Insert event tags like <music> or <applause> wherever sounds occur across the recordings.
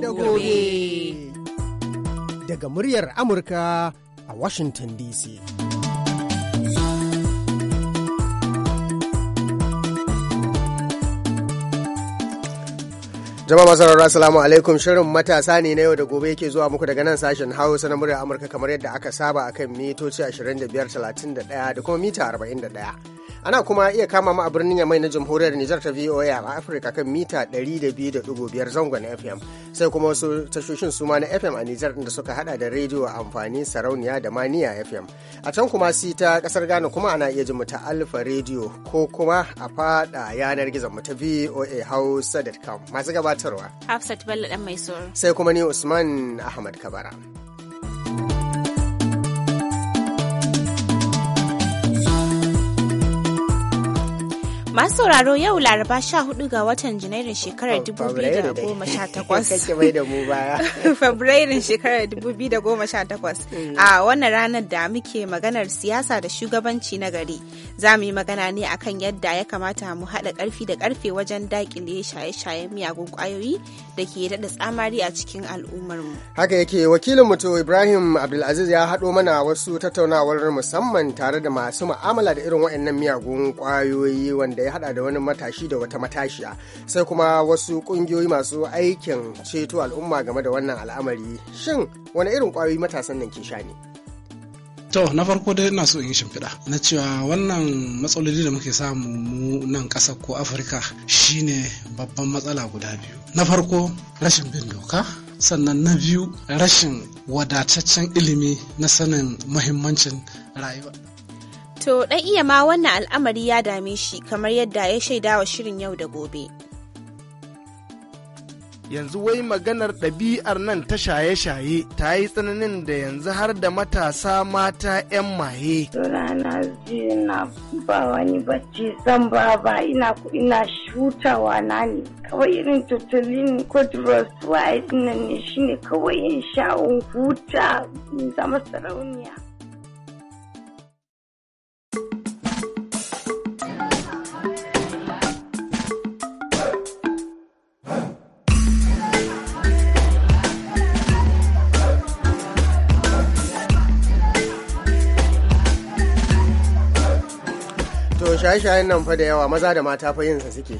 da gobe. Daga muryar Amurka a Washington DC. Jama'a masu rarra salamu alaikum shirin matasa ne na yau da gobe yake zuwa muku daga nan sashen Hausa na muryar Amurka kamar yadda aka saba akan mitoci 25, 31 da kuma mita 41. Ana kuma iya kama mu a birnin Yamai na Jamhuriyar Nijar ta VOA a Afirka kan mita 200.5 zangon FM. Sai kuma wasu tashoshin suma na FM a Nijar da suka hada da rediyo a amfani sarauniya da maniya FM. A can kuma si ta kasar Ghana kuma ana iya jin mu ta Alfa Radio ko kuma a fada yanar gizon mu ta VOA Hausa.com. Masu gabatarwa. Hafsat Bello dan mai Sai kuma ni Usman Ahmad Kabara. Masu sauraro yau Laraba 14 ga watan Janairun shekarar 2018. Fabrairun <laughs> shekarar 2018. Mm. A wannan ranar da muke maganar siyasa da shugabanci na gari. Za mu yi magana ne akan yadda ya kamata mu haɗa ƙarfi da ƙarfe wajen daƙile shaye-shayen miyagun ƙwayoyi da ke daɗa tsamari a cikin al'ummarmu. Haka yake wakilin mutu Ibrahim Abdulaziz ya haɗo mana wasu tattaunawar musamman tare da masu mu'amala da irin waɗannan miyagun ƙwayoyi wanda ya hada da wani matashi da wata matashiya sai kuma wasu kungiyoyi masu aikin ceto al'umma game da wannan al'amari shin wani irin kwayoyi matasan nan ke sha ne To na farko dai ina so in yi shimfiɗa na cewa wannan matsaloli da muke samu mu nan ƙasa ko Afirka shine babban matsala guda biyu. Na farko rashin bin doka sannan na biyu rashin wadataccen ilimi na sanin muhimmancin rayuwa. To ɗan iya ma wannan al'amari ya dame shi kamar yadda ya shaida wa shirin yau da gobe. Yanzu wai maganar ɗabi'ar nan ta shaye-shaye ta yi tsananin da yanzu har da matasa mata 'yan maye. Rana na ba wani bacci zan ba ba ina ina shutawa na ne kawai irin tutulin kodros wa ne shine kawai in shaun huta zama sarauniya. shaye-shayen nan fa da yawa maza da mata fa yinsa suke.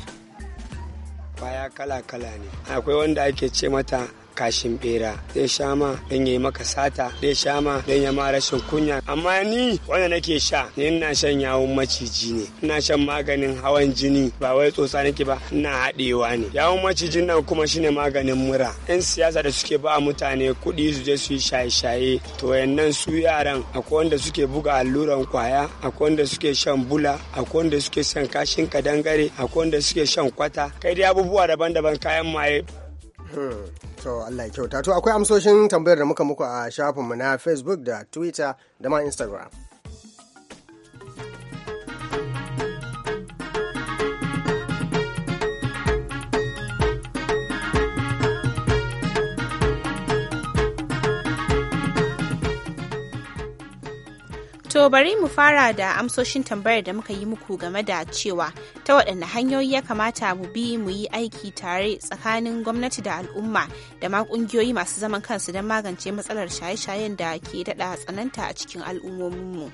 kala-kala ne akwai wanda ake ce mata kashin bera zai sha ma don ya yi maka sata zai sha ma don ya ma rashin kunya amma ni wanda nake sha ni ina shan yawon maciji ne ina shan maganin hawan jini ba wai tsotsa nake ba ina haɗewa ne yawon macijin nan kuma shine maganin mura yan siyasa da suke ba mutane kuɗi su je su yi shaye-shaye to yannan su yaran akwai wanda suke buga alluran kwaya akwai wanda suke shan bula akwai wanda suke shan kashin kadangare akwai wanda suke shan kwata kai dai abubuwa da daban-daban kayan maye hmm, to Allah ya kyauta to akwai amsoshin tambayar da muka muku a shafinmu na facebook da twitter da ma instagram To bari mu fara da amsoshin tambayar da muka yi muku game da cewa ta waɗanne hanyoyi ya kamata mu bi mu yi aiki tare tsakanin gwamnati da al'umma da ma ƙungiyoyi masu zaman kansu don magance matsalar shaye-shayen da ke daɗa tsananta a cikin al'ummominmu.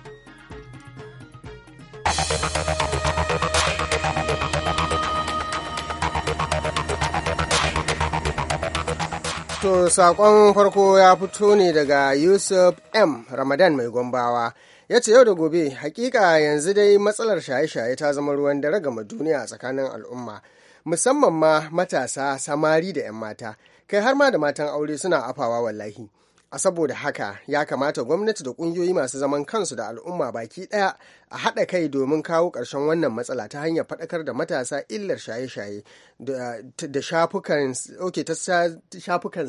To, saƙon farko ya fito ne daga Yusuf M. Ramadan mai gombawa. ya ce yau da gobe hakika yanzu dai matsalar shaye-shaye ta zama ruwan dare gama duniya a tsakanin al'umma musamman ma matasa samari da 'yan mata kai har ma da matan aure suna afawa wallahi a saboda haka ya kamata gwamnati da ƙungiyoyi masu zaman kansu da al'umma baki ɗaya. a haɗa kai domin kawo ƙarshen wannan matsala ta hanyar faɗakar da matasa illar shaye-shaye da shafukan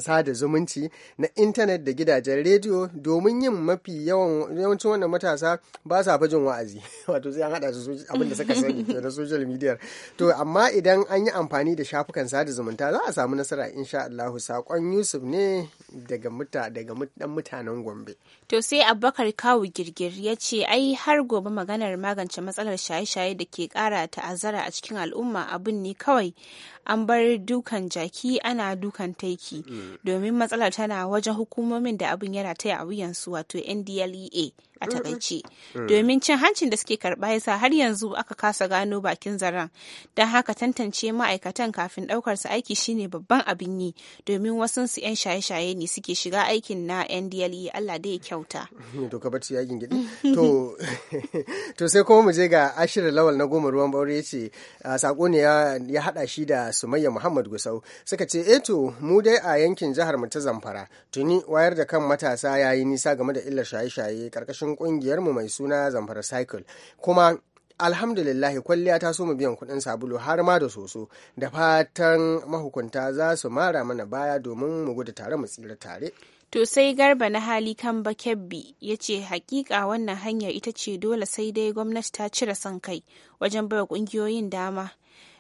sada zumunci na intanet da gidajen rediyo domin yin mafi yawancin wannan matasa ba sa jin wa'azi <laughs> wato sai an haɗa su abin da suka sani na social media to amma idan an yi amfani da shafukan sada zumunta za a samu nasara insha Allah sakon Yusuf ne daga mutanen Gombe to sai Abubakar Kawu Girgir ya ce ai har gobe magana maganar magance matsalar shaye-shaye da ke kara ta'azzara a cikin al'umma abin ne kawai an bar dukan jaki ana dukan taiki mm. domin matsalar tana wajen hukumomin da abin yana taya a wuyansu wato ndlea a takaice mm. domin cin hancin da suke karba yasa har yanzu aka kasa gano bakin zaren don haka tantance ma'aikatan kafin daukar su aiki shine babban abin yi domin wasu su yan shaye-shaye ne suke shiga aikin na NDLE Allah da ya kyauta <laughs> to ka yakin gidi <laughs> to sai kuma mu je ga ashirin Lawal na goma ruwan baure yace sako ne ya hada shi da Sumayya Muhammad Gusau suka ce eh to mu dai a yankin jihar mu ta Zamfara tuni wayar da kan matasa yayi nisa game da illar shaye-shaye karkashin ƙarƙashin mu mai suna Zamfara Cycle. Kuma alhamdulillahi kwalliya ta so mu biyan kuɗin sabulu har ma da soso da fatan mahukunta za su mara mana baya domin mu gudu tare mu tsira tare. To sai garba na hali kan bakebbi ya ce hakika wannan hanyar ita ce dole sai dai gwamnati ta cire son kai wajen baiwa ƙungiyoyin dama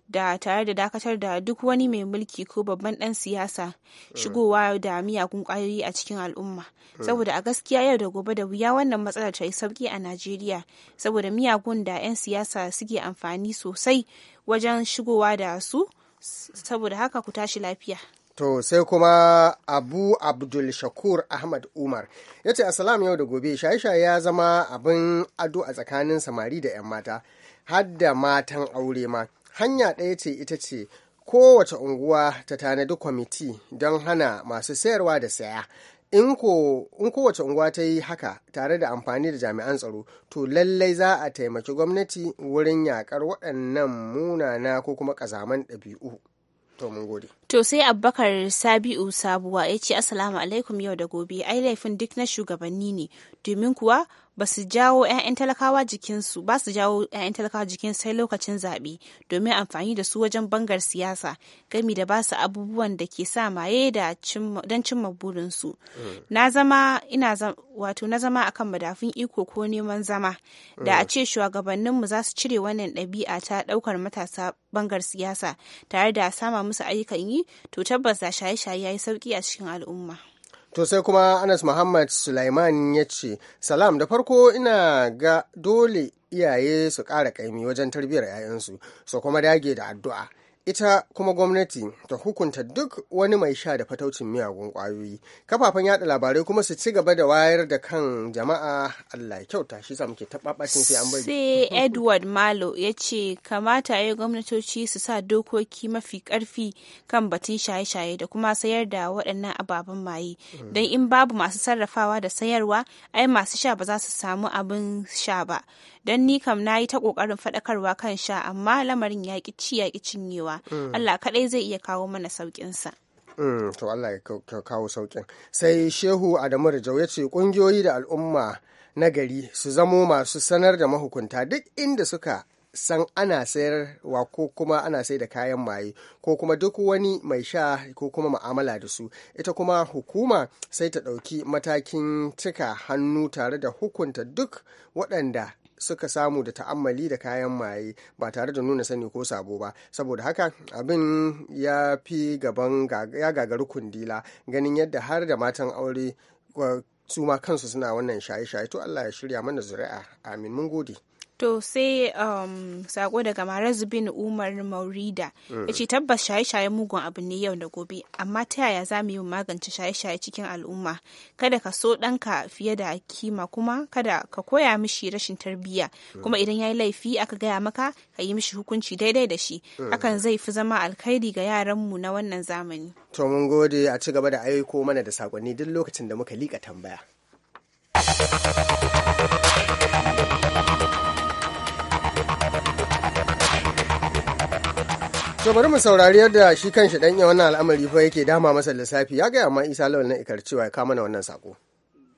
da tare da dakatar da duk wani mai mulki ko babban dan siyasa eh. shigowa da miyagun kwayoyi a cikin al'umma eh. saboda a gaskiya yau da gobe da wuya wannan matsalar ta yi sauki a najeriya saboda miyagun da 'yan siyasa suke amfani sosai wajen shigowa da su saboda haka ku tashi lafiya To sai kuma Abu Abdul Shakur Ahmad Umar ya ce Asalam yau da gobe shaye-shaye ya zama abin ado a tsakanin samari da 'yan mata, har da matan aure ma. hanya ɗaya ce ita ce kowace unguwa ta tanadi kwamiti don hana masu sayarwa da saya in kowace unguwa ta yi haka tare da amfani da jami'an tsaro to lallai za a taimaki gwamnati wurin yakar waɗannan munana ko kuma ƙazaman ɗabi'u to mun gode to sai abbakar sabi'u sabuwa ya ce assalamu alaikum yau da gobe ai laifin duk na shugabanni ne domin kuwa ba su jawo 'ya'yan talakawa jikinsu ba su jawo 'ya'yan talakawa jikin sai lokacin zaɓe domin amfani da su wajen bangar siyasa gami da ba su abubuwan da ke sa maye da don cimma burinsu na zama ina wato na zama akan madafun iko ko neman zama da a ce shugabanninmu za su cire wannan ɗabi'a ta ɗaukar matasa bangar siyasa tare da sama musu ayyukan yi to tabbas da shaye-shaye ya yi sauki a cikin al'umma. To sai kuma Anas Muhammad Sulaiman ya ce, Salam da farko ina ga dole iyaye su ƙara ƙaimi wajen tarbiyyar 'ya'yansu su kuma dage da addu'a. ita kuma gwamnati ta hukunta duk wani mai sha da fataucin miyagun kwayoyi kafafen yada labarai kuma su ci gaba da wayar da kan jama'a allah kyauta shi sa muke sai an bari sai edward malo ya ce kamata ya gwamnatoci su sa dokoki mafi karfi kan batun shaye-shaye da kuma sayar da waɗannan ababen maye hmm. don in babu masu sarrafawa da sayarwa ai masu sha ba za su samu abin sha ba don ni kam na yi ta ƙoƙarin faɗakarwa kan sha amma lamarin ya ƙi ci ya ƙi cinyewa Mm. Allah kaɗai zai iya kawo mana sauƙinsa. Mm, to Allah ya kawo sauƙin sai shehu adamu rajau ya ce ƙungiyoyi da al'umma na gari su zamo masu sanar da mahukunta duk inda suka san ana sayarwa ko kuma ana sai da kayan maye ko kuma duk wani mai sha ko kuma ma'amala da su ita kuma hukuma sai ta ɗauki matakin cika hannu tare da hukunta duk waɗanda suka samu da ta'ammali da kayan maye ba tare da nuna sani ko sabo ba saboda haka abin ya fi gaban ya gagari kundila ganin yadda har da matan aure su ma kansu suna wannan shaye-shaye to Allah ya shirya mana zuri'a amin mun gode To sai um, sako daga Marazu bin Umar Maurida eh. ya ce tabbas shaye-shaye mugun abu ne yau da gobe, amma ta yaya za mu yi magance shaye-shaye cikin al'umma? Kada ka so ɗanka fiye da kima kuma kada ka koya mishi rashin tarbiyya eh. kuma idan ya yi laifi aka gaya maka ka yi mishi hukunci daidai da shi. Eh. Hakan zai fi zama alkhairi ga yaranmu na wannan zamani. To mun gode a ci gaba da aiko mana da sakonni duk lokacin da muka liƙa tambaya. so bari mu saurari yadda shi kanshi dan wannan al'amari fa yake dama masa lissafi ya gaya ma isa lawal na ikar cewa ya kama na wannan sako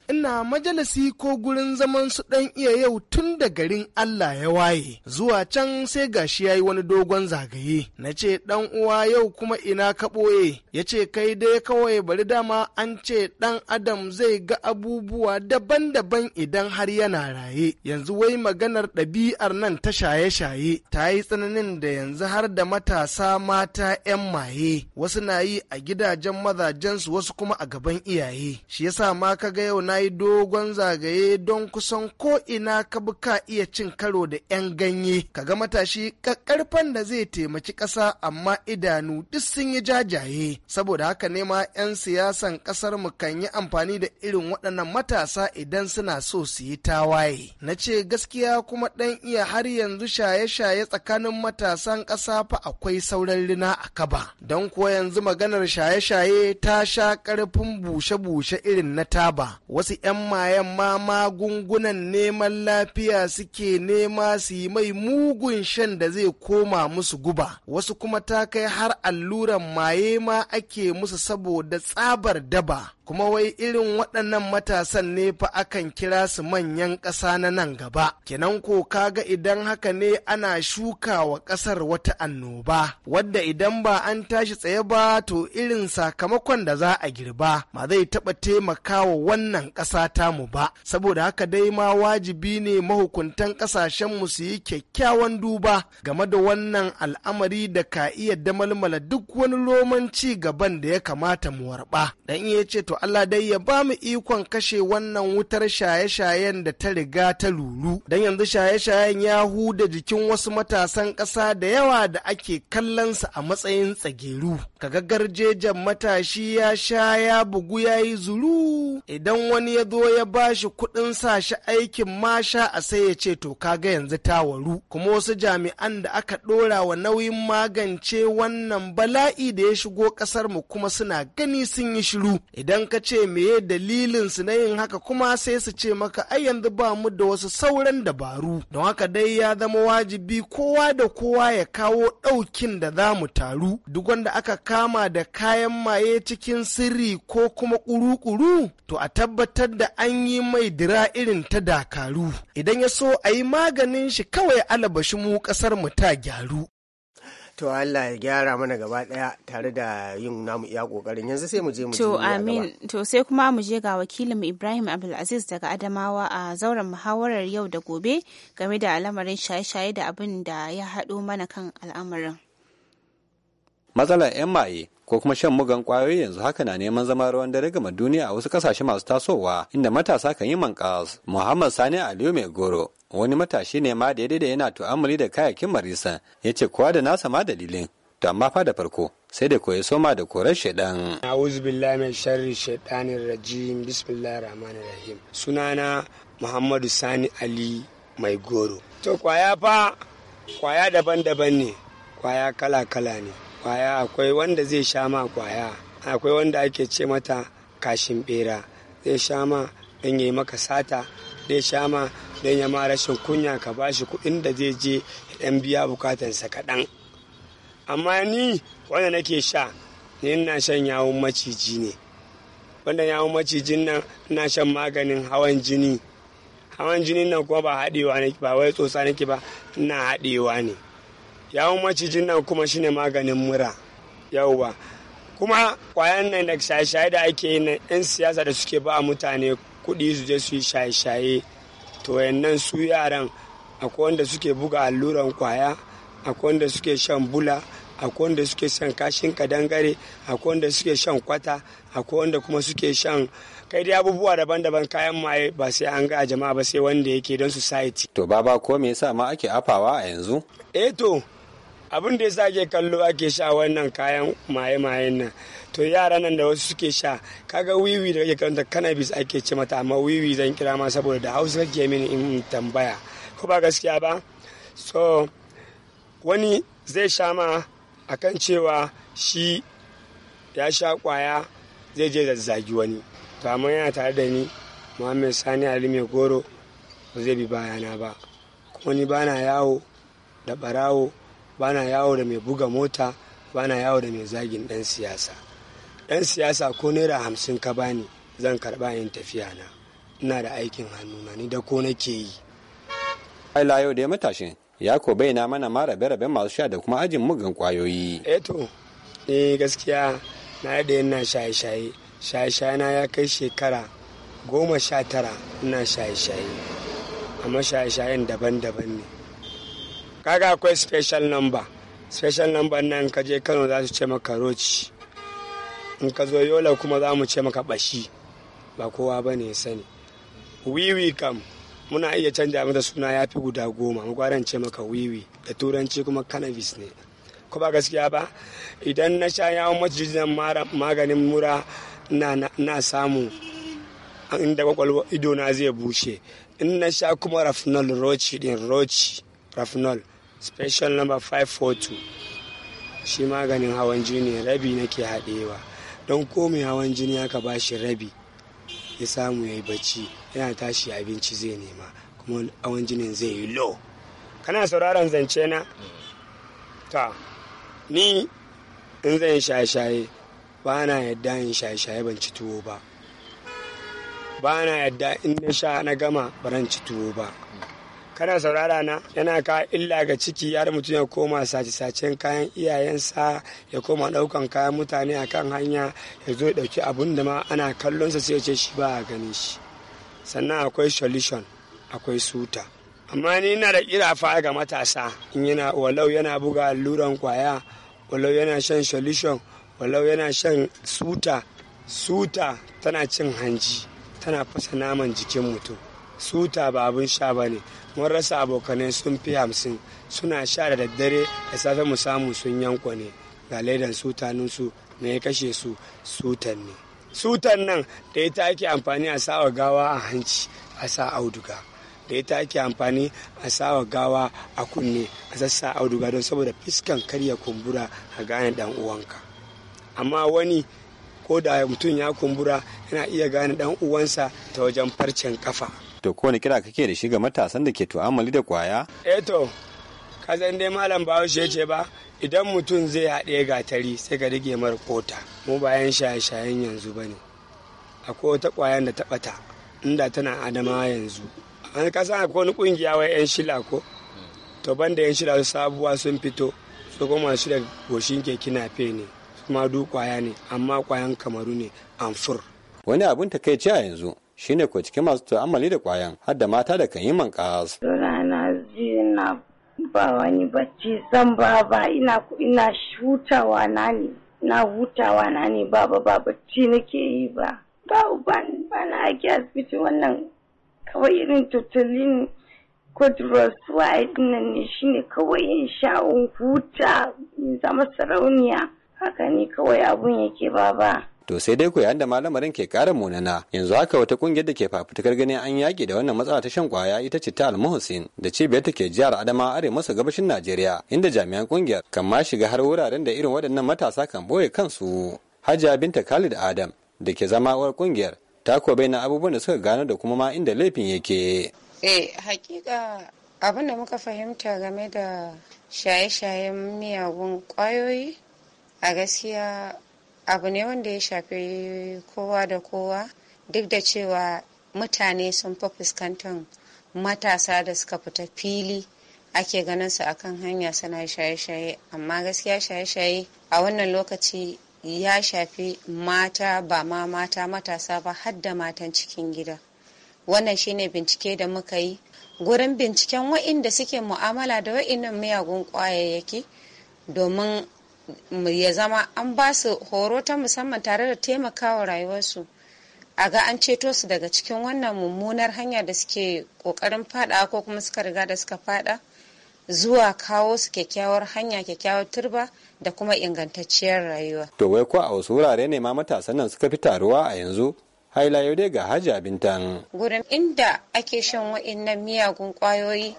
ina majalisi ko gurin zaman su ɗan iya yau tun da garin Allah ya waye zuwa can sai gashi yayi wani dogon zagaye na ce ɗan uwa yau kuma ina ka ɓoye ya ce kai dai kawai bari dama an ce ɗan adam zai ga abubuwa daban-daban idan har yana raye yanzu wai maganar ɗabi'ar nan ta shaye-shaye ta yi tsananin da yanzu har da matasa mata 'yan maye wasu na yi a gidajen mazajensu wasu kuma a gaban iyaye shi yasa ma ka ga yau na yi dogon zagaye don kusan ko ina ka bi ka iya cin karo da 'yan ganye ka ga matashi kakkarfan da zai taimaki ƙasa amma idanu duk sun yi jajaye saboda haka ne ma 'yan siyasan ƙasar mu kan yi amfani da irin waɗannan matasa idan suna so su yi tawaye na ce gaskiya kuma ɗan iya har yanzu shaye-shaye tsakanin matasan ƙasa fa akwai sauran rina a kaba don kuwa yanzu maganar shaye-shaye ta sha ƙarfin bushe-bushe irin na taba wasu 'yan mayan ma magungunan neman lafiya suke nema su yi mai mugun shan da zai koma musu guba wasu kuma ta kai har alluran maye ma ake musu saboda tsabar daba kuma wai irin waɗannan matasan ne fa akan kira su manyan ƙasa na nan gaba kenan ko kaga idan haka ne ana shuka wa ƙasar wata annoba wadda idan ba an tashi tsaye ba to irin sakamakon da za a girba ma zai taɓa taimakawa wannan ƙasa mu ba saboda haka dai ma wajibi ne mahukuntan ƙasashenmu su yi kyakkyawan duba game da wannan al'amari da ka iya damalmala duk wani roman ci gaban da ya kamata mu warɓa dan iya ce to Allah dai ya ba mu ikon kashe wannan wutar shaye-shayen da ta riga ta lulu don yanzu shaye-shayen ya huda jikin wasu matasan ƙasa da yawa da ake kallon kallonsa a matsayin tsageru kaga garjejen matashi ya sha ya bugu ya yi zuru idan wani ya zo ya ba shi kuɗin sa shi aikin masha a sai ya ce to kaga yanzu ta waru kuma wasu jami'an da aka ɗora wa nauyin magance wannan bala'i da ya shigo ƙasar mu kuma suna gani sun yi shiru idan ka ce meye dalilin su na yin haka kuma sai su ce maka ai yanzu ba mu da wasu sauran dabaru don haka dai ya zama wajibi kowa da kowa ya kawo ɗaukin da za mu taru duk wanda aka kama da kayan maye cikin sirri ko kuma ƙuru-ƙuru to a tabbatar da an yi mai dira irin ta dakaru idan ya so a yi maganin shi kawai alabashi mu ƙasar mu ta gyaru To Allah ya gyara mana gaba daya tare da yin namu iya kokarin yanzu sai mu je mu To amin to sai kuma mu je ga wakilin Ibrahim Abdulaziz daga Adamawa a zauren muhawarar yau da gobe game da al'amarin shaye-shaye da abin da ya haɗo mana kan al'amarin. matsalar 'yan maye ko kuma shan mugan kwayoyi yanzu haka na neman zama ruwan dare gama duniya a wasu kasashe masu tasowa inda matasa kan yi mankas muhammad sani aliyu mai goro wani matashi ne ma daidai da yana tu'amali da kayakin marisa ya ce kowa da nasa ma dalilin to amma fa da farko sai da koyi soma da korar shaidan. A'udhu billahi min sharri shaitanir rajim bismillahir rahmanir rahim. Sunana Muhammadu Sani Ali Mai Goro. To kwaya fa kwaya daban-daban ne, kwaya kala-kala ne. kwaya akwai wanda zai sha ma kwaya akwai wanda ake ce mata kashin bera zai sha ma don ya yi maka sata zai sha ma don ya ma rashin kunya ka ba shi kuɗin da zai je ɗan biya bukatansa kaɗan amma ni wanda nake sha ni ina shan yawon maciji ne wanda yawon macijin nan ina shan maganin hawan jini hawan jini nan kuma ba haɗewa ne ba wai tsotsa nake ba ina haɗewa ne yawo macijin nan kuma shine maganin mura yauwa kuma kwayan nan da shaye-shaye da ake yi na 'yan siyasa da suke ba mutane kuɗi su je su yi shaye-shaye to yannan su yaran akwai wanda suke buga alluran kwaya akwai wanda suke shan bula akwai wanda suke shan kashin kadangare akwai wanda suke shan kwata akwai wanda kuma suke shan kai dai abubuwa daban-daban kayan maye ba sai an ga jama'a ba sai wanda yake don society to baba ko me yasa ma ake afawa a yanzu eh to abin da ya sake kallo ake sha wannan kayan maye-mayen nan to yara nan da wasu suke sha kaga wiwi da kake kanta cannabis ake ce mata amma wiwi zan kira ma saboda da hausa kake mini in tambaya ko ba gaskiya ba so wani zai sha ma akan cewa shi ya sha kwaya zai je zazzagi wani to amma yana tare da ni muhammed sani ali mai goro ba zai bi bayana ba kuma ni bana yawo da barawo bana yawo da mai buga mota bana yawo da mai zagin ɗan siyasa dan siyasa ko naira hamsin ka bani zan karba yin tafiya na ina da aikin hannu hannuna ni da ko nake yi ila yau da ya matashi ya ko bayyana mana ma rabe-raben masu sha da kuma ajin mugan kwayoyi eto eh, eh gaskiya na da yana shaye-shaye shaye-shaye na ya kai shekara goma sha tara ina shaye-shaye amma shaye-shayen daban-daban ne kaga akwai special number special number nan ka je kano za su ce maka roci in ka zo yola kuma za mu ce maka bashi ba kowa ba ne sani wiwi kam muna iya canja mata suna ya fi guda goma gwaran ce maka wiwi da turanci kuma cannabis ne ko ba gaskiya ba idan na sha yawon macijin maganin mura na samu inda kwakwalwa idona zai bushe in na sha kuma rafnol roci din roci rafnol special number 542 shi maganin hawan jini rabi nake haɗewa don komai hawan jini aka ba shi rabi ya samu ya yi bacci yana tashi abinci zai nema kuma hawan jinin zai yi low kana sauraron zance na ta ni in zan shaye-shaye ba na yadda in shaye-shaye ban ci tuwo ba ba na yadda in na sha na gama baran ci tuwo ba kana saurara na yana ka illa ga ciki har mutum ya koma sace-sacen kayan iyayensa ya koma daukan kayan mutane a kan hanya ya zo dauki abun da ma ana kallonsa sai ya ce shi ba a gani shi sannan akwai solution akwai suta amma ni na da kira fa ga matasa in yana walau yana buga alluran kwaya walau yana shan solution walau yana shan suta suta tana cin hanji tana fasa naman jikin mutum suta ba abin sha ba ne mun rasa abokanai sun fi hamsin suna sha da daddare da safe mu samu sun yanko ne ga laidan sutaninsu me ya kashe su sutan ne sutan nan da ita ake amfani a sawa gawa a hanci a sa auduga da ita ake amfani a sawa gawa a kunne a sassa auduga don saboda fiskan karya kumbura a gane dan uwanka amma wani ko da mutum ya kumbura yana iya gane dan uwansa ta wajen farcen kafa To ko ne kira kake da shi ga matasan da ke tu'amali da kwaya? Eh to, ka dai malam ba Bahaushe ce ba, idan mutum zai haɗe gatari sai ka rige mara kota. Mu bayan shaye-shayen yanzu ba ne. Akwai wata kwayan da ta ɓata, inda tana adama yanzu. An kasa san akwai ƙungiya wai 'yan shila ko? To banda 'yan shila sabuwa sun fito, su goma su da goshin keke na fe ne. Kuma du kwaya ne, amma kwayan kamaru ne, amfur. Wani abin takaici a yanzu, shine ko cikin masu tu'ammali da kwayan Hadda mata da kan yi mankas. Rana na ba wani bacci san ba ba ina ina hutawa na ne na hutawa na ne ba ba ba bacci nake yi ba. Ba uban ba na ake asibiti wannan kawai irin tutulin kwadros wa nan ne shine kawai in sha huta zama sarauniya haka ne kawai abun yake ba ba. to sai dai ku yayin da malamarin ke ƙara munana yanzu haka wata kungiyar da ke fafutukar ganin an yaƙi da wannan matsala ta shan kwaya ita ce ta almuhusin da cibiyar ta ke jihar adama arewa maso gabashin najeriya inda jami'an kungiyar kan ma shiga har wuraren da irin waɗannan matasa kan boye kansu hajiya binta khalid adam da ke zama uwar kungiyar ta ko na abubuwan da suka gano da kuma ma inda laifin yake eh hakika abin da muka fahimta game da shaye-shayen miyagun kwayoyi a gaskiya abu ne wanda ya shafi kowa da kowa duk da cewa mutane sun fi fuskantar matasa da suka fita fili ake ganin su akan hanya suna shaye-shaye amma gaskiya shaye-shaye a wannan lokaci ya shafi mata ba ma mata matasa ba har da matan cikin gida wannan shine bincike da muka yi gurin binciken wa'inda suke mu'amala da wa'innan miyagun kwayayyaki domin ya zama an ba su horo ta musamman tare da taimakawa rayuwarsu a ga an ceto su daga cikin wannan mummunar hanya da suke kokarin fada ko kuma suka riga da suka fada zuwa kawo su kyakkyawar hanya kyakkyawar turba da kuma ingantacciyar rayuwa. To wai ko a wasu wurare ne ma matasan nan suka fi taruwa a yanzu haila yau dai ga hajji abintan Gurin inda ake shan wa'innan miyagun kwayoyi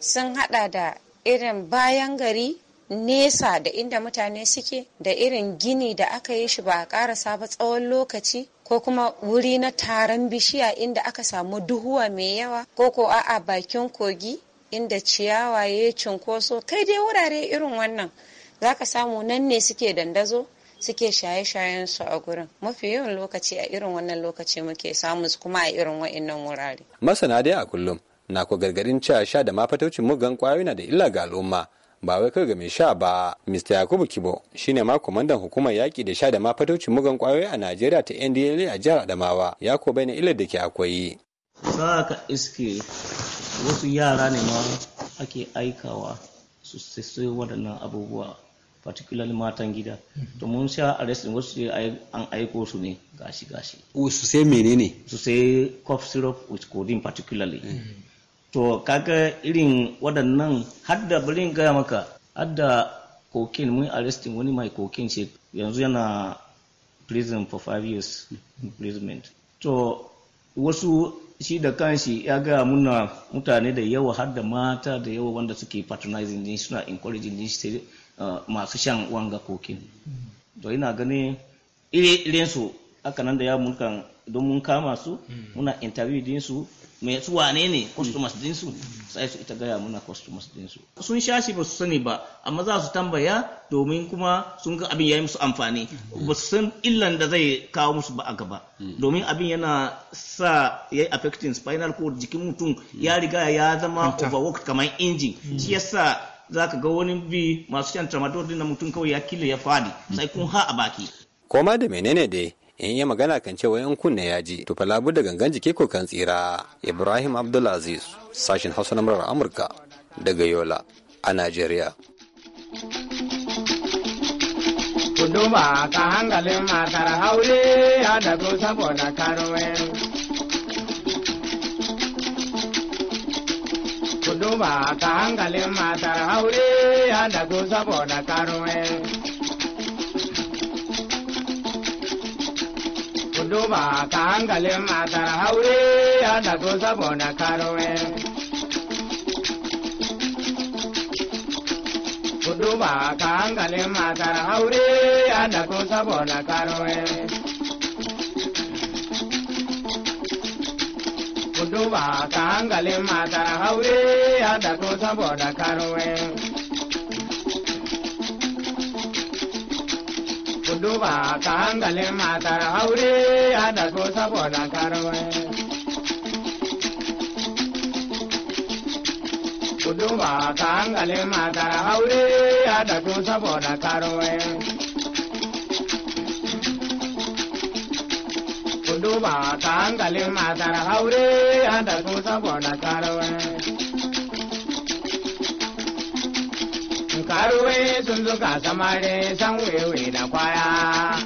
sun hada da irin bayan gari nesa da inda mutane suke da irin gini da aka yi shi ba a karasa ba tsawon lokaci ko kuma wuri na taron bishiya inda aka samu duhuwa mai yawa ko ko a bakin kogi inda ciyawa ya cunkoso kai dai wurare irin wannan za ka samu nan ne suke dandazo suke shaye-shayen su a gurin mafi yawan lokaci a irin wannan lokaci muke samu kuma a irin wa'annan wurare masana dai a kullum na ku gargadin cewa sha da mafataucin mugan kwayoyi na da illa ga al'umma ba wai kai ga mai sha ba Mr. Yakubu Kibo shine ma kwamandan hukumar yaƙi da sha da ma fatocin mugan kwayoyi a Najeriya ta NDLA a jihar Adamawa ya ko na illar da ke akwai za ka iske wasu yara ne ma ake aikawa su sai waɗannan abubuwa particularly matan gida to mun sha arrestin wasu ne an aiko su ne gashi gashi su sai menene su sai cough syrup with codeine particularly mm. to kaga irin waɗannan hadda da gaya maka hadda da kokin mun arrestin wani mai kokin ce yanzu yana prison for five years imprisonment to wasu shi da kanshi ya gaya muna mutane da yawa hadda mata da yawa wanda suke patronizing din suna encouraging din shi ah, masu shan wanga kokin mm. to ina ganin irin su haka nan da ya mun kan don mun kama su mm. muna interview din su mai su wane ne mm. customers dinsu mm. sai su ita gaya muna customers su. sun sha shi ba su sani ba amma za su tambaya domin kuma sun ga abin yayi musu amfani mm. ba su san illan da zai kawo musu ba a gaba domin abin yana sa ya yi affecting spinal cord jikin mutum ya riga ya zama overworked kamar injin shi yasa za ka ga wani bi masu shan tramadol din na mutum kawai ya kila ya fadi sai kun ha a baki koma da menene dai in yi magana kan cewa yan kunne ya ji to falabu da gangan jiki ko kan tsira ibrahim abdulaziz sashen hausa na murar amurka daga yola a najeriya Kuduba ka hankalin matar haure ya dago saboda Kuduba ka hankalin matar haure ya dago saboda karuwa. duba ka hankalin matar haure ya dago saboda karuwe. Ku duba ka hankalin matar haure ya dago saboda karuwe. Ku duba ka hankalin matar haure ya dago saboda karuwe. duba ka hankalin matar aure ya dago saboda karwai. Ku duba ka hankalin matar aure ya dago saboda karwai. Ku duba ka hankalin matar aure ya dago saboda karwai. karuwe sun zuka samare san wewe da kwaya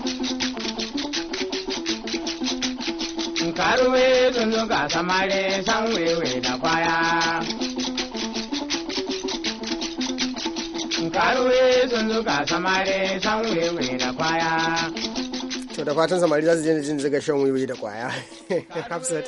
karuwe sun zuka samare san wewe da kwaya karuwe sun zuka samare san wewe da kwaya to da fatan samari za su je jin shan wiwi da kwaya <laughs> hafsat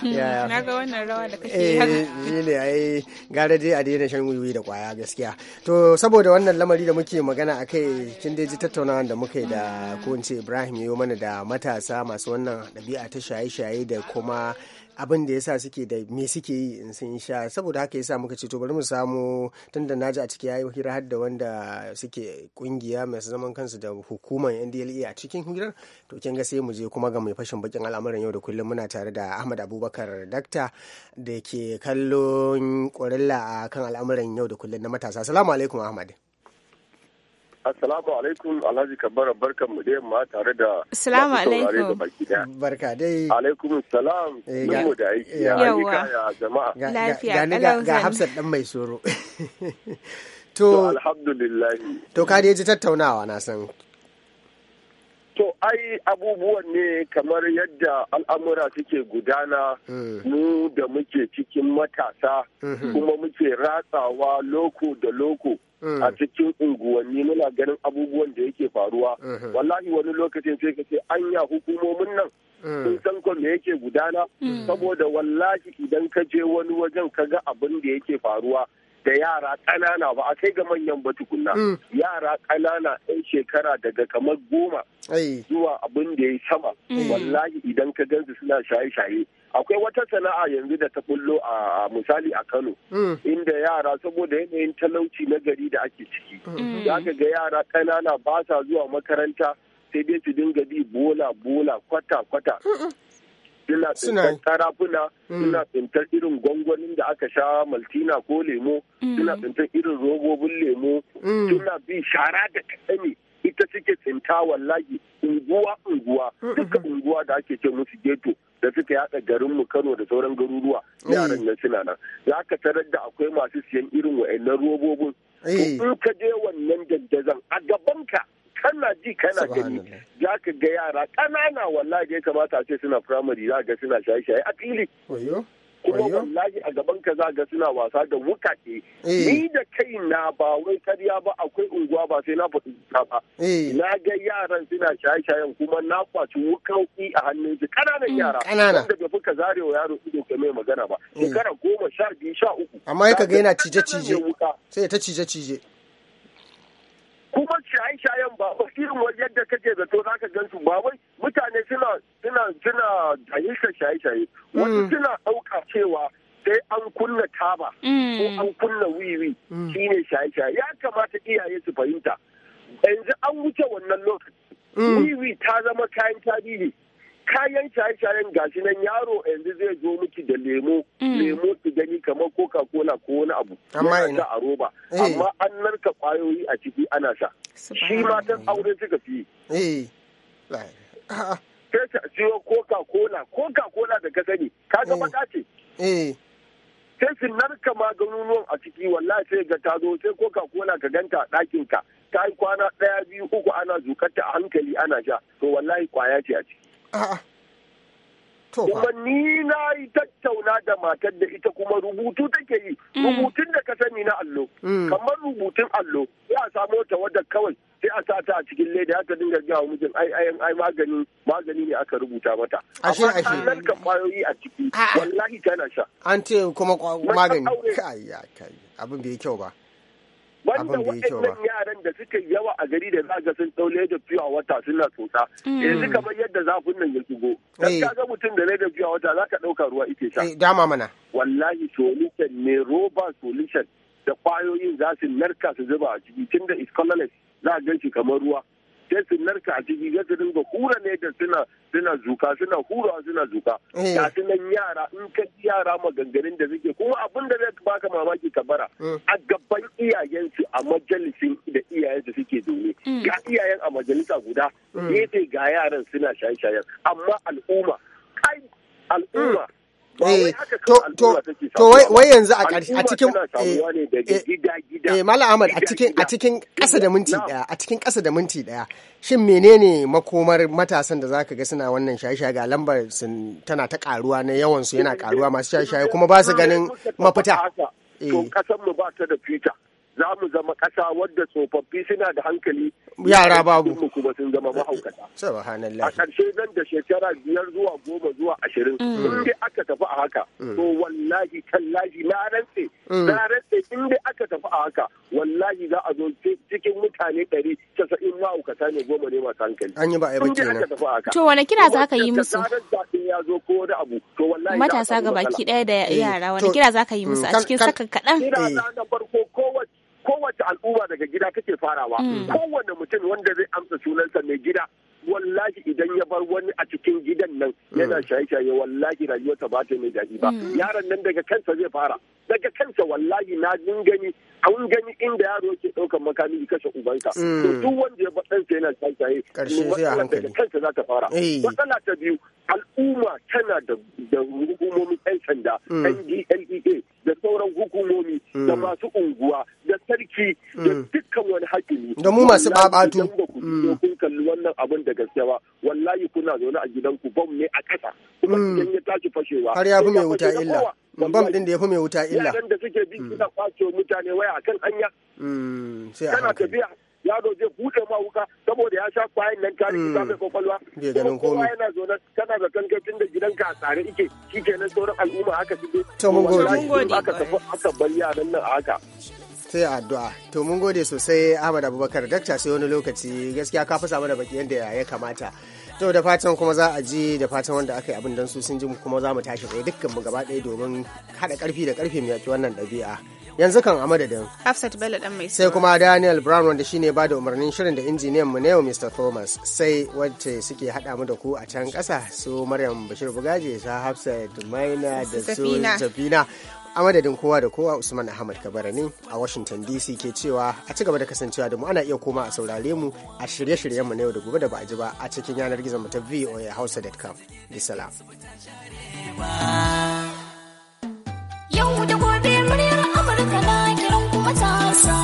hmm, na ga wannan rawa da kake eh, yi ne ai gara dai a daina shan wiwi da kwaya gaskiya to saboda wannan lamari da muke magana a kai kin dai ji tattaunawa da muka da ko in ce ibrahim yayo mana da matasa masu wannan ɗabi'a ta shaye-shaye da kuma abin da yasa suke da me suke yi in sun sha saboda haka yasa muka ce to bari mu samu tunda na ji a ciki yayi hira har da wanda suke kungiya mai zaman kansu da hukumar NDLA e a cikin hirar to kin ga sai mu je kuma ga mai fashin bakin al'amuran yau da kullum muna tare da Ahmad Abubakar Dakta da ke kallon ƙwarilla a kan al'amuran yau da kullum na matasa. Salamu alaikum Ahmad. Assalamu alaikum Alhaji Kabara barkan mu da yamma tare da Assalamu alaikum barka dai Alaikum salam eh, mu da aiki ya ya jama'a lafiya ga ga Hafsat dan mai soro <laughs> To alhamdulillah To ka dai ji tattaunawa na san ai abubuwan ne kamar yadda al'amura suke gudana eh. mu da muke cikin matasa eh. kuma muke ratsawa loko da loko eh. a cikin unguwanni muna ganin abubuwan da yake faruwa wallahi wani lokacin sai ka ce anya hukumomin nan sun san ko me yake gudana hmm. saboda wallahi idan ka je wani wajen ka ga abin da yake faruwa da yara ƙanana ba a kai ga manyan ba tukunna mm. yara ƙanana 'yan shekara daga kamar goma zuwa abin da ya yi sama mm. wallahi idan ka gansu suna shaye-shaye akwai wata sana'a yanzu da ta bullo a misali a kano mm. inda yara saboda yanayin talauci na gari da ake ciki zaka ga yara ƙanana ba sa zuwa makaranta sai dai su dinga bi bola bola kwata kwata suna tsintar karafuna suna tsintar mm. irin gwangwanin da aka sha maltina ko lemo mm. suna tsintar irin robobin lemo mm. suna bi shara da kaɗani ita suke tsinta wallahi unguwa unguwa duka unguwa da ake ce musu geto da suka yada garin mu Kano da sauran garuruwa yaran nan suna nan za ka tarar da akwai masu siyan irin wa'annan robobin eh. in ka je wannan daddazan a gaban ka. kana ji kana gani za ka ga yara kanana wallahi ya kamata a ce suna firamare za ga suna shaye-shaye a fili. kuma wallahi a gaban ka za ga suna wasa da wukake eh. ni da kai na ba wai karya ba akwai unguwa ba sai na faɗi ba eh. na ga yaran suna shaye-shayen kuma na kwaci wukauki a hannun su ƙananan mm, yara wanda bai fuka wa yaro ido ka mai magana ba mm. shekara goma sha biyu sha uku amma ya ga yana cije-cije sai ta cije-cije shaye-shayen ba ba irin yadda kake zato za ka gan su ba wai mutane suna suna suna shaye-shaye wasu mm. suna ɗauka cewa sai an kunna taba ko mm. an kunna wiwi mm. shi ne shaye-shaye ya kamata iyaye su fahimta yanzu an wuce wannan lokaci wiwi ta zama kayan tarihi kayan shaye-shayen gashi nan yaro yanzu zai zo miki da lemu. lemo su mm. gani kamar coca cola ko wani abu amma ina a roba eh. amma an narka kwayoyi a ciki ana sha shi matan aure suka fi eh. ah. sai ta siyo coca cola coca cola da ka sani ga eh. baka ce sai su narka maganunuwan a ciki wallahi sai ga ta zo sai coca cola ka ganta ɗakin ka ta yi kwana ɗaya biyu uku ana zukarta a hankali ana sha to wallahi kwaya ce a ciki Kuma ni na yi tattauna da matar da ita kuma rubutu take yi, mm. rubutun da ka sani na allo, mm. kamar rubutun allo, ya samo ta wadda kawai sai a sa ta a cikin leda haka dinga gawa mijin ai ai ai magani magani ne aka rubuta mata ashe ashe an ka kwayoyi a ciki wallahi tana sha an ce kuma magani kai ya kai abin bai kyau ba wanda waɗannan yaran da suka yawa a gari da zaga sun ɗaule da a wata suna tsotsa mm. yanzu kamar yadda zafin nan ya shigo dan eh. ga mutum da da a wata zaka ɗauka ruwa ita sha eh, dama mana wallahi solution ne roba solution da kwayoyin za su narka su zuba a ciki tunda is colorless za a gan shi kamar ruwa sai su narka a ciki ga su dinga hura ne da suna suna zuka suna kura suna zuka ya eh. su yara in ka yara maganganun da suke kuma abin da zai baka mamaki ka bara eh. a gaban iyayensu a majalisin da iyayen iyayensu suke zaune hmm. ga iyayen a majalisa guda hmm. gefe ga yaran suna shaye-shayen amma al'umma al'umma hmm. Eh, to wai yanzu a cikin eh, eh, eh mala ahmad a cikin kasa da minti daya a cikin kasa da minti daya shin menene makomar matasan da zaka ga suna wannan shaye-shaye ga lambar sun tana ta karuwa na yawan su yana karuwa masu shaye-shaye kuma ba su ganin mafita eh kasar mu ba ta da fita za mu zama ƙasa wadda tsofaffi suna da hankali yara babu mu kuma sun zama mahaukata a ƙarshe zan da shekara biyar zuwa goma zuwa ashirin mm. in dai aka tafi a haka mm. to wallahi tallahi na rantse mm. na rantse in dai aka tafi a haka wallahi za a zo cikin mutane ɗari casa'in mahaukata ne goma ne masu hankali an yi ba a yi bakin nan to wani kira za ka yi musu ya zo ko abu matasa gabaki ɗaya da eh. yara wani kira za ka yi musu a cikin saka kaɗan kowace al'umma daga gida kake farawa mm. kowane mutum wanda zai amsa sunansa mai gida wallahi idan ya bar wani a cikin gidan nan mm. yana shaye-shaye wallahi rayuwarsa ba ta mai daɗi ba mm. yaron nan daga kansa zai fara daga kansa wallahi na jin gani an gani inda yaro ke ɗaukar makami kashe ubanka to duk wanda ya ɗansa yana shaye-shaye daga kansa za ta fara matsala ta biyu al'umma tana da hukumomin 'yan sanda ndlea da sauran hukumomi da masu unguwa sarki mm. da dukkan wani hakimi da mu masu babatu mm. kun kalli wannan abin da gaske ba wallahi kuna zaune a gidanku bam ne a ƙasa kuma mm. idan ya tashi fashewa har ya fi mai wuta illa bam din da ya fi mai wuta illa yaran da suke bi suna kwace mutane waya akan hanya kana tafiya yaro zai buɗe ma wuka saboda ya sha kwayan nan kare ki zafe kwakwalwa bai ganin komai yana zaune kana da kankafin da gidanka a tsare ike shikenan sauran al'umma haka su ta mun gode aka tafi aka bar yaran nan a haka sai addu'a to mun gode sosai ahmad abubakar dakta sai wani lokaci gaskiya ka fasa mana baki yadda ya kamata to da fatan kuma za a ji da fatan wanda aka yi abin dan su sun ji kuma za mu tashi tsaye dukkan mu gaba ɗaya domin haɗa ƙarfi da ƙarfi mu yaki wannan ɗabi'a yanzu kan a madadin Hafsat Bello dan mai sai kuma Daniel Brown wanda shine ba da umarnin shirin da injiniyan mu ne Mr Thomas sai wacce suke hada mu da ku a can ƙasa su Maryam Bashir Bugaje sa Hafsat Maina da su Safina a madadin kowa da kowa usman ahmad kabara a washington dc ke cewa a ci gaba da kasancewa da mu ana iya koma a saurare mu a shirye-shiryen mu na yau da gobe da ba a ji ba a cikin yanar gizon mu ta voahausa.com bisalam yau da gobe muryar amurka na kiran kuma ta sa